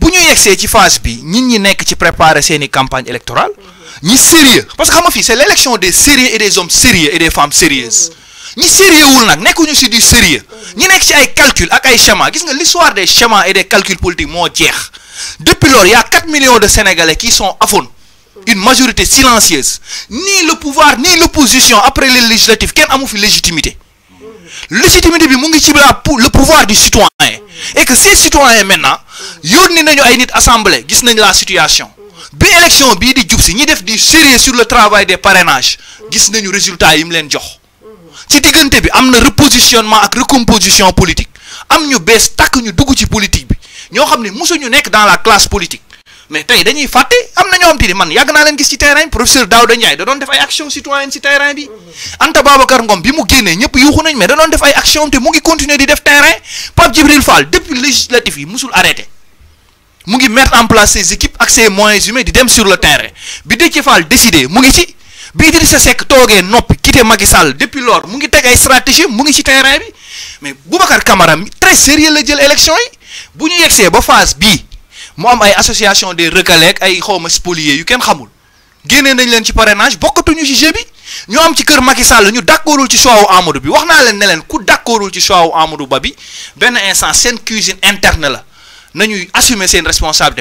bu ñu yegsee ci phase bi ñit ñi nekk ci préparer seeni campagne électorale ñi sérieux parce que xam nga c'est l'élection des sérieux et des hommes sérieux et des femmes sérieuses ñi sérieux wul nag nekkuñu si du sérieux ñi nekk ci ay calcul ak ay schéma gis nga l'histoire des schémas et des calculs politiques moo jeex depuis lors y a 4 millions de Sénégalais qui sont aphones une majorité silencieuse ni le pouvoir ni l'opposition après les législatives kenn amu fi légitimité légitimité bi mu ngi ci la le pouvoir du citoyen et que ces citoyens maintenant yónni nañu ay nit assemblée gis nañ la situation bi élection bi di jub si ñi def di sérieux sur le travail des parrainages gis nañu résultat yi mu leen jox ci digënté bi am repositionnement ak recomposition politique am ñu bees tak ñu dugg ci politique bi ñoo xam ne mosuñu nekk dans la classe politique mais tay dañuy faté am na ñoo xam ni man yag na leen gis ci terrain professeur Daouda Ndiaye da doon def ay action citoyenne ci terrain bi Anta Babacar Ngom bi mu génnee ñëpp yuuxu nañ mais da doon def ay action te mu ngi continuer di def terrain Pape Djibril Fall depuis législatif yi musul arrêter mu ngi mettre en place ses équipes accès moins moyens humains di sur le terrain bi qu'il ci bi Idrissa Seck toogee noppi depuis lors mu ngi stratégie mu ci terrain bi mais Boubacar Camara très sérieux la jël élection yi bu ba phase bii mu am ay association des recalés ay xawma spoliés yu kenn xamul nañ leen ci parrainage bokkatuñu ci jeu ñu am ci kër Macky ñu d'accordul ci choix Amadou bi wax naa leen ku d'accordul ci Amadou instant cuisine interne la na nañuy assumer seen responsabilité